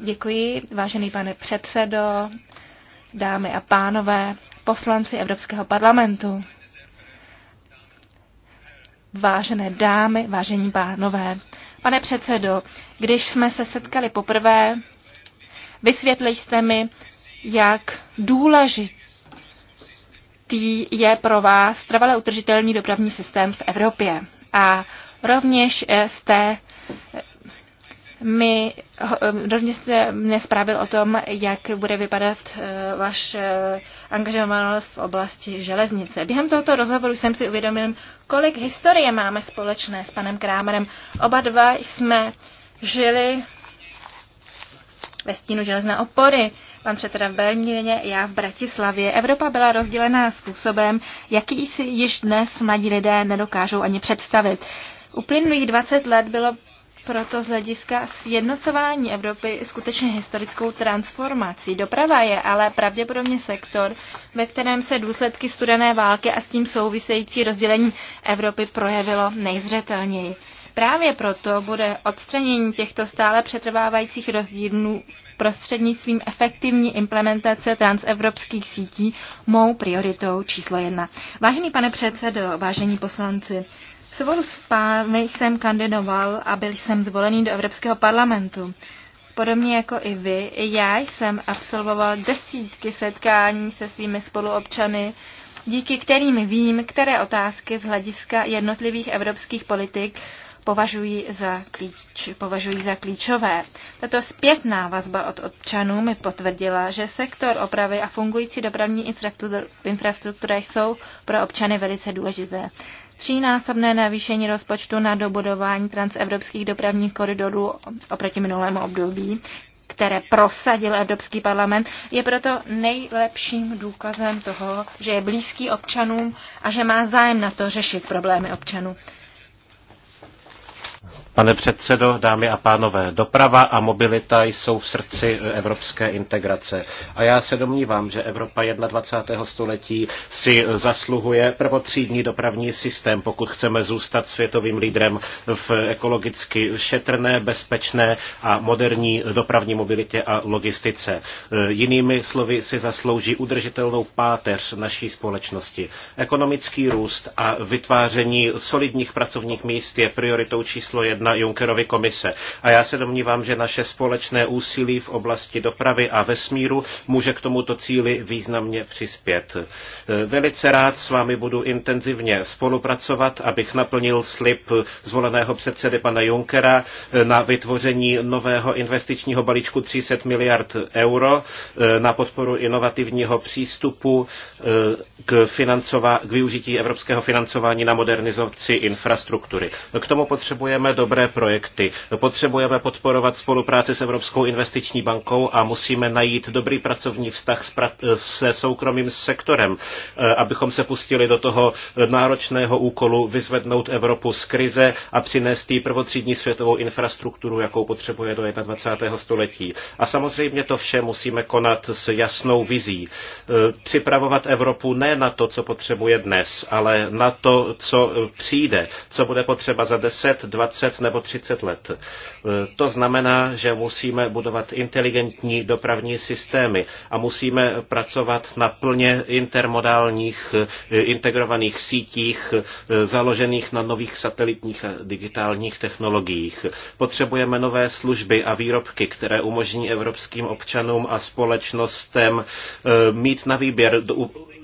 Děkuji, vážený pane předsedo, dámy a pánové, poslanci Evropského parlamentu. Vážené dámy, vážení pánové, pane předsedo, když jsme se setkali poprvé, vysvětlili jste mi, jak důležitý je pro vás trvale utržitelný dopravní systém v Evropě. A rovněž eh, jste mi rovně se mě zprávil o tom, jak bude vypadat eh, vaše eh, angažovanost v oblasti železnice. Během tohoto rozhovoru jsem si uvědomil, kolik historie máme společné s panem Krámerem. Oba dva jsme žili ve stínu železné opory. Pan předseda v Berlíně, já v Bratislavě. Evropa byla rozdělená způsobem, jaký si již dnes mladí lidé nedokážou ani představit. Uplynulých 20 let bylo proto z hlediska sjednocování Evropy skutečně historickou transformací. Doprava je ale pravděpodobně sektor, ve kterém se důsledky studené války a s tím související rozdělení Evropy projevilo nejzřetelněji. Právě proto bude odstranění těchto stále přetrvávajících rozdílů prostřednictvím efektivní implementace transevropských sítí mou prioritou číslo jedna. Vážený pane předsedo, vážení poslanci, Spolu s pámi jsem kandidoval a byl jsem zvolený do Evropského parlamentu. Podobně jako i vy, i já jsem absolvoval desítky setkání se svými spoluobčany, díky kterým vím, které otázky z hlediska jednotlivých evropských politik považují za, klíč, považují za klíčové. Tato zpětná vazba od občanů mi potvrdila, že sektor opravy a fungující dopravní infrastruktura jsou pro občany velice důležité třínásobné navýšení rozpočtu na dobudování transevropských dopravních koridorů oproti minulému období, které prosadil Evropský parlament, je proto nejlepším důkazem toho, že je blízký občanům a že má zájem na to řešit problémy občanů. Pane předsedo, dámy a pánové, doprava a mobilita jsou v srdci evropské integrace. A já se domnívám, že Evropa 21. století si zasluhuje prvotřídní dopravní systém, pokud chceme zůstat světovým lídrem v ekologicky šetrné, bezpečné a moderní dopravní mobilitě a logistice. Jinými slovy si zaslouží udržitelnou páteř naší společnosti. Ekonomický růst a vytváření solidních pracovních míst je prioritou číslo jedna na Junckerovi komise. A já se domnívám, že naše společné úsilí v oblasti dopravy a vesmíru může k tomuto cíli významně přispět. E, velice rád s vámi budu intenzivně spolupracovat, abych naplnil slib zvoleného předsedy pana Junckera e, na vytvoření nového investičního balíčku 300 miliard euro e, na podporu inovativního přístupu k, financová- k využití evropského financování na modernizaci infrastruktury. K tomu potřebujeme do dobré projekty. Potřebujeme podporovat spolupráci s Evropskou investiční bankou a musíme najít dobrý pracovní vztah se soukromým sektorem, eh, abychom se pustili do toho náročného úkolu vyzvednout Evropu z krize a přinést jí prvotřídní světovou infrastrukturu, jakou potřebuje do 21. století. A samozřejmě to vše musíme konat s jasnou vizí. Eh, připravovat Evropu ne na to, co potřebuje dnes, ale na to, co přijde, co bude potřeba za 10, 20, nebo 30 let. E, to znamená, že musíme budovat inteligentní dopravní systémy a musíme pracovat na plně intermodálních e, integrovaných sítích e, založených na nových satelitních a digitálních technologiích. Potřebujeme nové služby a výrobky, které umožní evropským občanům a společnostem mít na výběr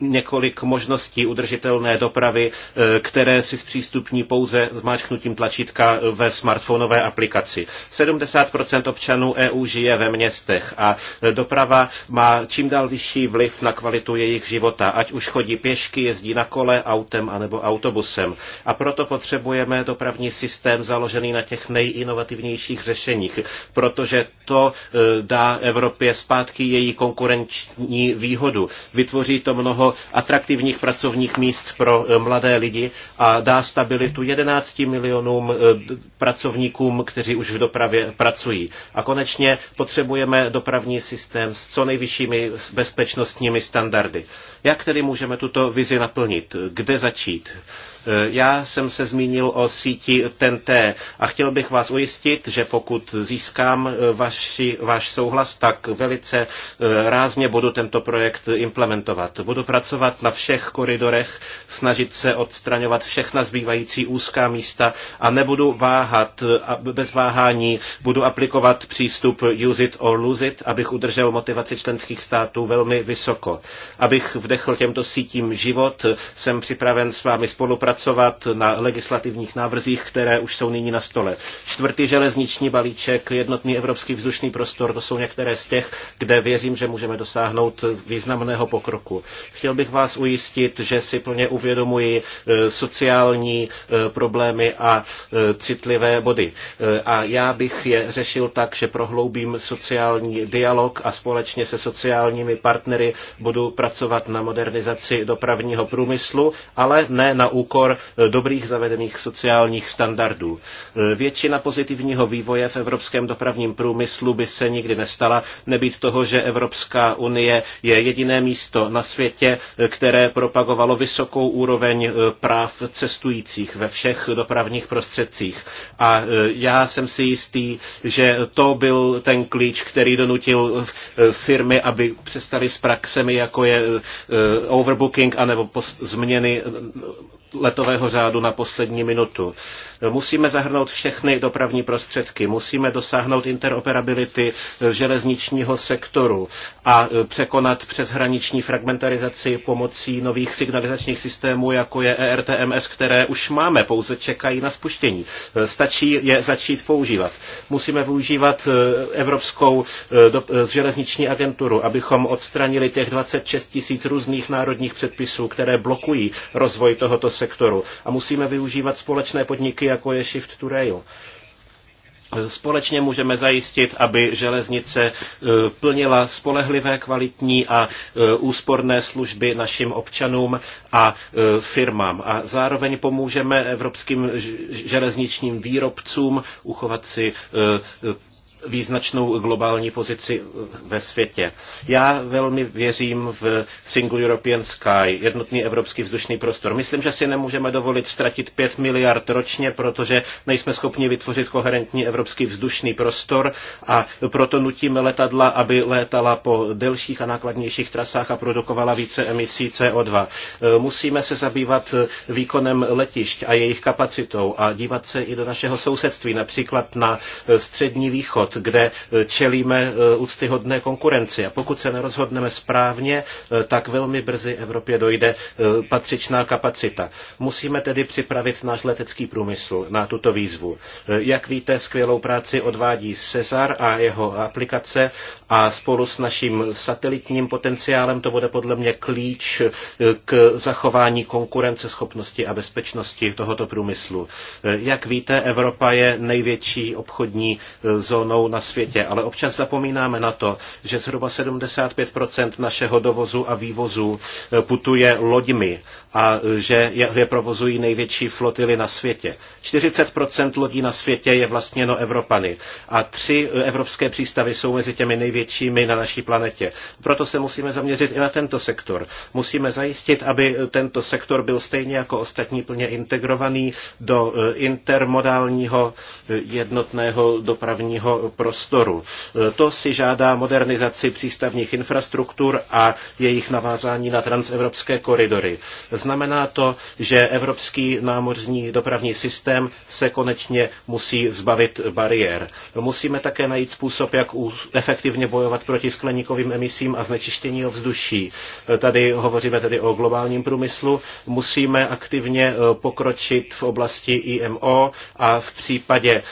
několik možností udržitelné dopravy, e, které si zpřístupní pouze zmáčknutím tlačítka ve smartfonové aplikaci. 70% občanů EU žije ve městech a e, doprava má čím dál vyšší vliv na kvalitu jejich života, ať už chodí pěšky, jezdí na kole, autem anebo autobusem. A proto potřebujeme dopravní systém založený na těch nejinovativnějších řešeních, protože to e, dá Evropě zpátky její konkurenční výhodu. Vytvoří to mnoho mnoho atraktivních pracovních míst pro eh, mladé lidi a dá stabilitu 11 milionům eh, pracovníkům, kteří už v dopravě pracují. A konečně potřebujeme dopravní systém s co nejvyššími bezpečnostními standardy. Jak tedy můžeme tuto vizi naplnit? Kde začít? Eh, já jsem se zmínil o síti TNT a chtěl bych vás ujistit, že pokud získám eh, vaši, váš souhlas, tak velice eh, rázně budu tento projekt implementovat. Budu pracovat na všech koridorech, snažit se odstraňovat všechna zbývající úzká místa a nebudu váhat, bez váhání budu aplikovat přístup use it or lose it, abych udržel motivaci členských států velmi vysoko. Abych vdechl těmto sítím život, jsem připraven s vámi spolupracovat pracovat na legislativních návrzích, které už jsou nyní na stole. Čtvrtý železniční balíček, jednotný evropský vzdušný prostor, to jsou některé z těch, kde věřím, že můžeme dosáhnout významného pokroku. Chtěl bych vás ujistit, že si plně uvědomuji e, sociální e, problémy a e, citlivé body. A já bych je řešil tak, že prohloubím sociální dialog a společně se sociálními partnery budu pracovat na modernizaci dopravního průmyslu, ale ne na úkor úkor eh, dobrých zavedených sociálních standardů. Eh, většina pozitivního vývoje v evropském dopravním průmyslu by se nikdy nestala, nebýt toho, že Evropská unie je jediné místo na světě, eh, které propagovalo vysokou úroveň práv cestujících ve všech dopravních prostředcích. A já jsem si jistý, že to byl ten klíč, který donutil firmy, aby přestali s praxemi, jako je overbooking anebo změny letového řádu na poslední minutu. Musíme zahrnout všechny dopravní prostředky, musíme dosáhnout interoperability eh, železničního sektoru a eh, překonat přeshraniční fragmentarizaci pomocí nových signalizačních systémů, jako je ERTMS, které už máme, pouze čekají na spuštění. Eh, stačí je začít používat. Musíme využívat Evropskou železniční agenturu, abychom odstranili těch 26 tisíc různých národních předpisů, které blokují rozvoj tohoto sektoru sektoru. A musíme využívat společné podniky, jako je Shift to Rail. Společně můžeme zajistit, aby železnice e, plnila spolehlivé, kvalitní a e, úsporné služby našim občanům a e, firmám. A zároveň pomůžeme evropským železničním výrobcům uchovat si význačnou globální pozici ve světě. Já velmi věřím v Single European Sky, jednotný evropský vzdušný prostor. Myslím, že si nemůžeme dovolit ztratit 5 miliard ročně, protože nejsme schopni vytvořit koherentní evropský vzdušný prostor a proto nutíme letadla, aby létala po delších a nákladnějších trasách a produkovala více emisí CO2. Musíme se zabývat výkonem letišť a jejich kapacitou a dívat se i do našeho sousedství, například na střední východ, kde e, čelíme e, úctyhodné konkurenci. A pokud se nerozhodneme správně, e, tak velmi brzy Evropě dojde patřičná kapacita. Musíme tedy připravit náš letecký průmysl na tuto výzvu. Jak víte, skvělou práci odvádí Cezar a jeho aplikace a spolu s naším satelitním potenciálem to bude podle mě klíč k zachování konkurenceschopnosti a bezpečnosti tohoto průmyslu. Jak víte, Evropa je největší obchodní zónou jsou na světě, ale občas zapomínáme na to, že zhruba 75% našeho dovozu a vývozu eh, putuje loďmi a eh, že je provozují největší flotily na světě. 40% lodí na světě je vlastněno Evropany a tři eh, evropské přístavy jsou mezi těmi největšími na naší planetě. Proto se musíme zaměřit i na tento sektor. Musíme zajistit, aby tento sektor byl stejně jako ostatní plně integrovaný do intermodálního jednotného dopravního prostoru. E, to si žádá modernizaci přístavních infrastruktur a jejich navázání na transevropské koridory. Znamená to, že evropský námořní dopravní systém se konečně musí zbavit bariér. Musíme také najít způsob, jak efektivně bojovat proti skleníkovým emisím a znečištění ovzduší. E, tady hovoříme tedy o globálním průmyslu. Musíme aktivně e, pokročit v oblasti IMO a v případě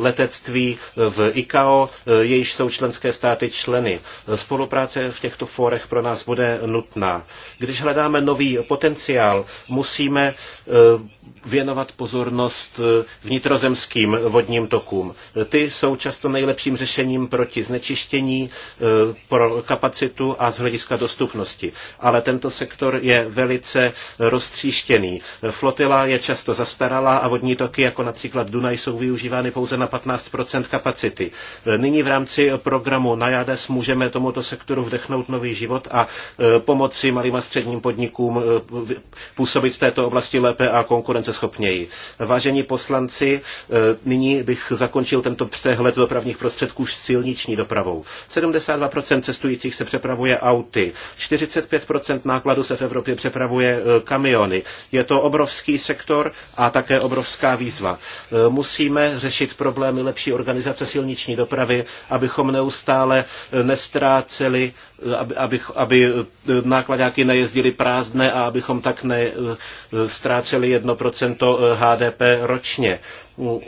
letectví v ICAO, eh, jejíž jsou členské státy členy. Spolupráce v těchto fórech pro nás bude nutná. Když hledáme nový potenciál, musíme eh, věnovat pozornost eh, vnitrozemským vodním tokům. Ty jsou často nejlepším řešením proti znečištění, pro kapacitu a z hlediska dostupnosti. Ale tento sektor je velice roztříštěný. Flotila je často zastaralá a vodní toky, jako například Dunaj, jsou využívány pouze na 15 kapacity kapacity. Nyní v rámci programu Najades můžeme tomuto sektoru vdechnout nový život a e, pomoci malým a středním podnikům e, působit v této oblasti lépe a konkurenceschopněji. Vážení poslanci, e, nyní bych zakončil tento přehled dopravních prostředků s silniční dopravou. 72% cestujících se přepravuje auty, 45% nákladu se v Evropě přepravuje kamiony. Je to obrovský sektor a také obrovská výzva. Musíme řešit problémy lepší organizace silniční silniční dopravy, abychom neustále eh, nestráceli, eh, aby, aby, aby eh, nákladáky nejezdili prázdné a abychom tak nestráceli 1% HDP ročně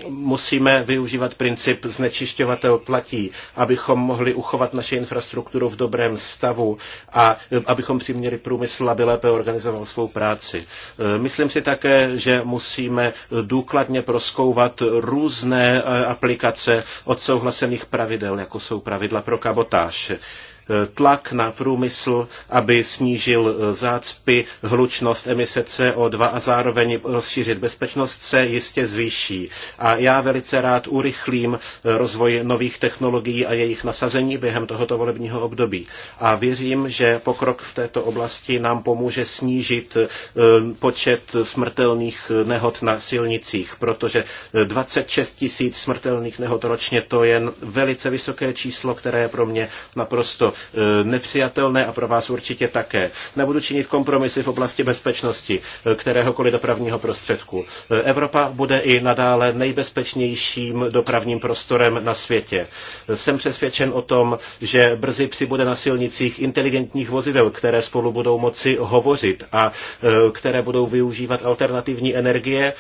musíme využívat princip znečišťovatel platí, abychom mohli uchovat naše infrastrukturu v dobrém stavu a e, abychom přiměli průmysl, aby lépe organizoval svou práci. E, myslím si také, že musíme důkladně proskouvat různé e, aplikace odsouhlasených pravidel, jako jsou pravidla pro kabotáž tlak na průmysl, aby snížil eh, zácpy, hlučnost emise CO2 a zároveň rozšířit bezpečnost se jistě zvýší. A já velice rád urychlím eh, rozvoj nových technologií a jejich nasazení během tohoto volebního období. A věřím, že pokrok v této oblasti nám pomůže snížit eh, počet smrtelných nehod na silnicích, protože 26 tisíc smrtelných nehod ročně to je velice vysoké číslo, které je pro mě naprosto Eh, nepřijatelné a pro vás určitě také. Nebudu činit kompromisy v oblasti bezpečnosti eh, kteréhokoliv dopravního prostředku. Eh, Evropa bude i nadále nejbezpečnějším dopravním prostorem na světě. Jsem přesvědčen o tom, že brzy přibude na silnicích inteligentních vozidel, které spolu budou moci hovořit a které budou využívat alternativní energie,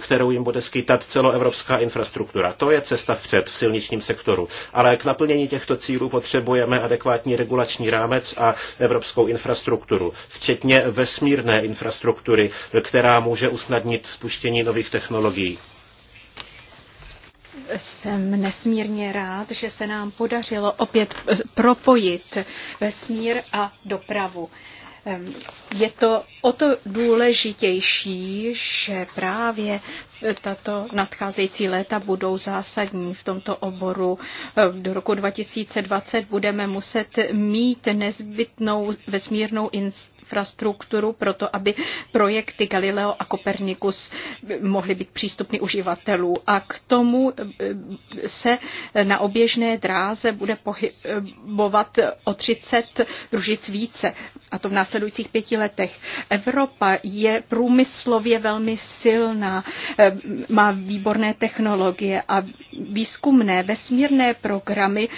kterou jim bude skýtat celoevropská infrastruktura. To je cesta vpřed v silničním sektoru. Ale k naplnění těchto cílů potřebujeme adekvátní adekvátní regulační rámec a evropskou infrastrukturu, včetně vesmírné infrastruktury, která může usnadnit spuštění nových technologií. Jsem nesmírně rád, že se nám podařilo opět propojit vesmír a dopravu. Je to o to důležitější, že právě tato nadcházející léta budou zásadní v tomto oboru. Do roku 2020 budeme muset mít nezbytnou vesmírnou infrastrukturu pro to, aby projekty Galileo a Copernicus mohly být přístupny uživatelů. A k tomu e, e, se na oběžné dráze bude pohybovat o 30 družic více, a to v následujících pěti letech. Evropa je průmyslově velmi silná, e, má výborné technologie a výzkumné vesmírné programy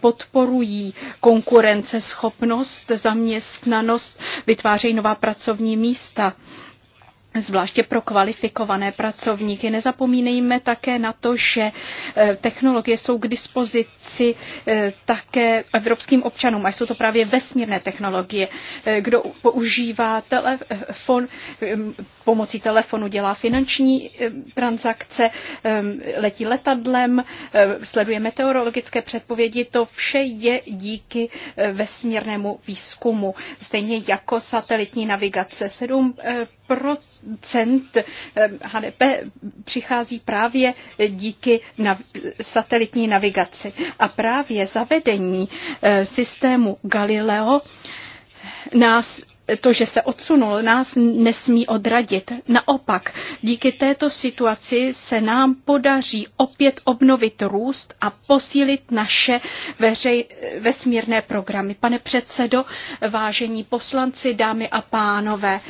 podporují konkurenceschopnost, zaměstnanost, vytváří vytvářejí nová pracovní místa zvláště pro kvalifikované pracovníky. Nezapomínejme také na to, že eh, technologie jsou k dispozici eh, také evropským občanům, a jsou to právě vesmírné technologie. Eh, kdo používá telefon, pomocí telefonu dělá finanční eh, transakce, ehm, letí letadlem, eh, sleduje meteorologické předpovědi. To vše je díky eh, vesmírnému výzkumu, stejně jako satelitní navigace. 7 procent HDP ehm, přichází právě díky nav- satelitní navigaci. A právě zavedení systému Galileo nás to, že se odsunul, nás nesmí odradit. Naopak, díky této situaci se nám podaří opět obnovit růst a posílit naše veřej, vesmírné programy. Pane předsedo, vážení poslanci, dámy a pánové,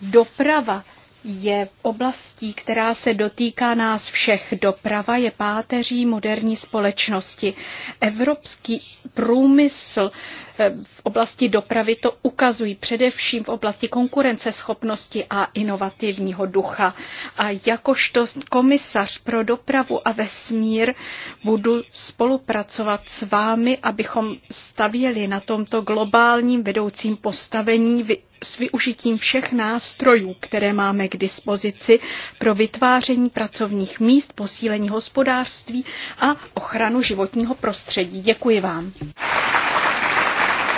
doprava je oblastí, která se dotýká nás všech. Doprava je páteří moderní společnosti. Evropský průmysl eh, v oblasti dopravy to ukazují především v oblasti konkurenceschopnosti a inovativního ducha. A jakožto komisař pro dopravu a vesmír budu spolupracovat s vámi, abychom stavěli na tomto globálním vedoucím postavení s využitím všech nástrojů, které máme k dispozici pro vytváření pracovních míst, posílení hospodářství a ochranu životního prostředí. Děkuji vám.